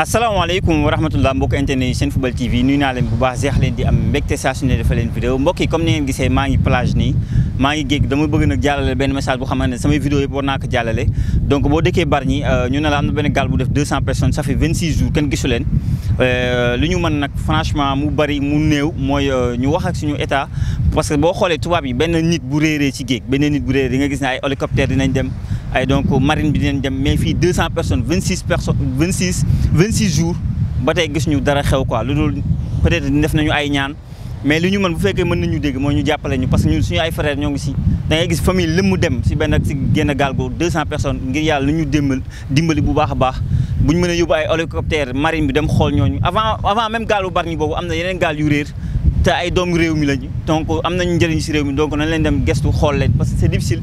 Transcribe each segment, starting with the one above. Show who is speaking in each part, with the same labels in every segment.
Speaker 1: asalaamaaleykum wa rahmatullah mbokk internet yi seen football tv nuyu naa leen bu baax jeex leen di am mbégte saa su ne dafa leen vidéo mbokk yi comme ni ngeen gisee maa ngi plage nii maa ngi géej dama bëgg nag jàllale benn message boo xamante ne samay vidéo yëpp war naa ko jàllale donc boo dëkkee Bargny euh, ñu ne la am na benn gaal bu def 200 personnes ça fait 26 jours kenn gisu leen euh, li ñu mën nag franchement mu bari mu néew mooy euh, ñu wax ak suñu état parce que boo xoolee tubaab yi benn nit bu réeree ci géej benn nit bu réeree di nga gis ne ay hélicoptère dinañ dem ay donc marine bi dinañ dem mais fii 200 personnes 26 personnes 26 26 jours ba tey gis ñu dara xew quoi lu dul peut-être def nañu ay ñaan mais li ñu mën bu fekkee mën nañu dégg moo ñu jàppale ñu parce que ñun suñu ay frères ñoo ngi si da ngay gis famille lëmm dem si benn si génn gaal googu 200 personnes ngir yàlla lu ñu dimbali dimbali bu baax a baax bu ñu mën a yóbbu ay hélicoptère marine bi dem xool ñooñu avant avant même gaal bu Bargny boobu am na yeneen gaal yu réer te ay doomu réew mi lañu donc am nañu njëriñ si réew mi donc nañ leen dem gestu xool leen parce que c'est difficile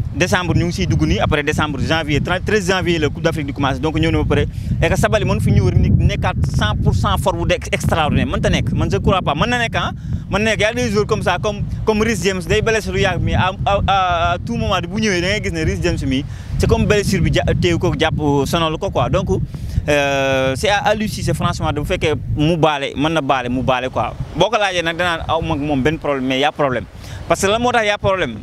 Speaker 1: décembre ñu ngi siy dugg nii après décembre janvier 13 janvier le Coupe d'Afrique du commence donc ñëw na après et que Sabaly mën fi ñëw nit nekkaat 100 pour cent extraordinaire mën ta nekk man je crois pas mën na nekk ah mën na nekk y a des jours comme ça comme comme Rhys James day blessé lu yàgg mi à à tout moment bu ñëwee da ngay gis ne Rhys James mi c'est comme blessure bi teew ko jàpp sonal ko quoi donc euh, c' est à Aliou c'est franchement de fekkee mu baale mën na baale mu baale quoi boo ko laajee nag danaan aw mag problème mais y' a problème parce que lan moo tax y' a problème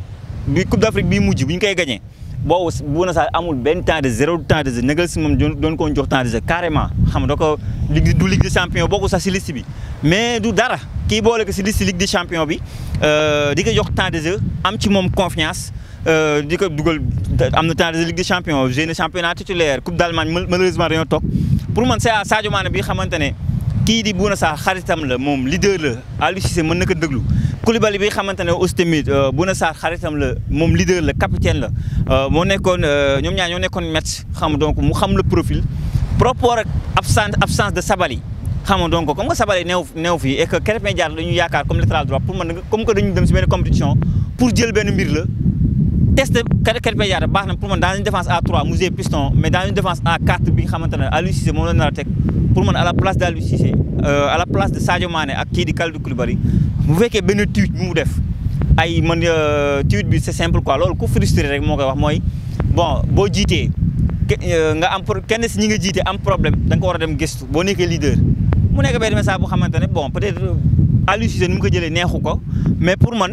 Speaker 1: bi Coupe d'Afrique bii mujj bu ñu koy gagné boobu Bouna Sarr amul benn temps de zéro temps de jeu Nampalys moom doon ko jox temps de jeu carrément xam nga da ko ligue du ligue des champions sax si liste bi. mais du dara kii boole ko si liste bi euh, di ko jox temps de jeu am ci moom confiance euh, di ko dugal am na temps de jeu ligue des champions jeune championnat titulaire coupe d'Allemagne malheureusement dañoo toog pour man c'est à Sadio Mané bi xamante ne. kii di Bouna Sarr xaritam la moom leader la Aliou Cissé mën na ko déglu Koulibaly bi xamante ne aussi tamit euh, Bouna Sarr xaritam la moom leader la capitaine la euh, moo nekkoon euh, ñoom ñaar ñoo match xam donc mu xam le profil propre ak absence absence de sabali, xam donc comme sabali Sabaly neew neew fii et que Krépin Diatta dañu yaakaar comme latéral droit pour mën comme que dañu dem si benn compétition pour jël benn mbir la test de Kalidou Diatta pour moi dans une défense à 3 mu jouer piston mais dans une défense à 4 bi nga à ne c'est Cissé moom la nar pour moi à la place d' Aliou Cissé euh, à la place de Sadio Mané ak kii di Kalidou Koulibaly bu fekkee benn tweet bi mu def ay man euh, tweet bi c'est simple quoi loolu ku frustré rek moo koy wax mooy bon boo jiitee euh, nga am kenn si ñi nga jiite am problème da nga ko war a dem gëstu boo nekkee leader mu nekk benn message bu xamante ne bon peut être Aliou Cissé ni mu ko jëlee neexu ko mais pour moi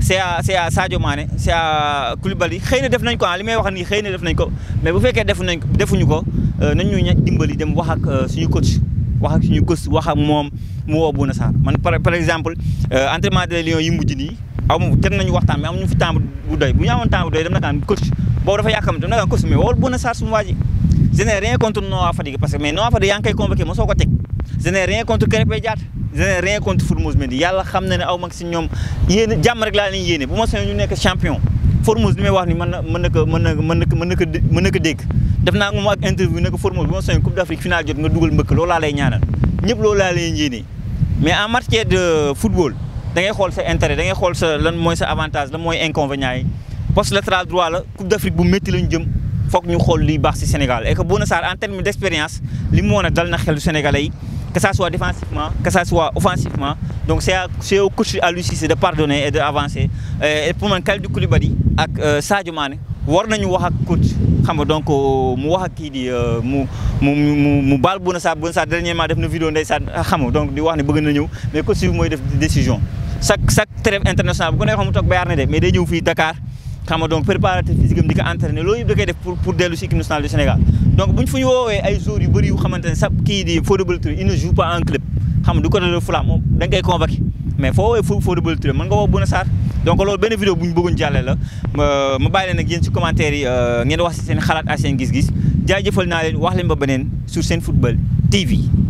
Speaker 1: c' est à c' est à Sadio Mané c' est xëy na def nañ ko ah li may wax nii xëy na def nañ ko mais bu fekkee def nañ defuñu ko euh, nañ ñu dimbali dem wax ak euh, suñu coach wax ak suñu coach wax ak moom mu woo Bouna Sarr man par exemple euh, entraînement des Lions yi mujj nii amu jot nañu waxtaan mais amuñu fi temps bu doy bu ñu amoon temps bu doy dem na kaan coach boobu dafa yàkkam dem na kaan coach mais wowal Bouna Sarr suñu waa ji je contre Noah Fadiga parce je rien contre Formose Mendy Yalla xam na ne aw mak si ñom yeen jam rek la leen yéne. bu ma soññee ñu nek champion Formose li may wax ni mën na mën na ko mën na mën na dégg def naa moom ak interview ne Formose bu ma soññee Coupe d'Afrique finale jot nga duggal mbëkk loolu la lay ñaanal ñëpp loolu la lay yéene mais en matière de football da ngay xol sa intérêt da ngay xol sa lan moy sa avantage lan moy inconvénient yi poste latéral droit la Coupe d'Afrique bu métti lañ jëm foog ñu xool liy baax si Sénégal et que Bouna en terme d'expérience li mu woon a dal na xelu Sénégalais yi que ça soit défensivement, que ça soit offensivement. Donc c'est au coach à lui de pardonner et d'avancer. Euh, et pour moi, du Koulibaly et euh, Sadio Mané, war nañu wax ak coach xam donc euh, mu wax ak kii di mu mu mu mu na sa bu sa dernièrement def na vidéo ndeysaan xam donc di wax ne bëgg na ñëw mais coach bi mooy def décision chaque chaque trêve internationale bu ko neexoon mu toog Bayern ne mais day ñëw Dakar xam donc préparateur physique di ko entraîner loolu yëpp def pour pour dellu si équipe du Sénégal donc buñ fuñ wowe ay jour yu bari yu xamantene sa ki di football tour ne joue pas en club xam du ko dalal flam mom da ngay convaincre mais fo wowe football tour man nga wo buna sar donc lolou ben vidéo buñ bëggun jallé la ma ma bayilé nak yeen ci commentaire yi euh, ngeen wax ci seen xalaat ak seen gis gis jaajeufal na leen wax leen ba benen sur seen football tv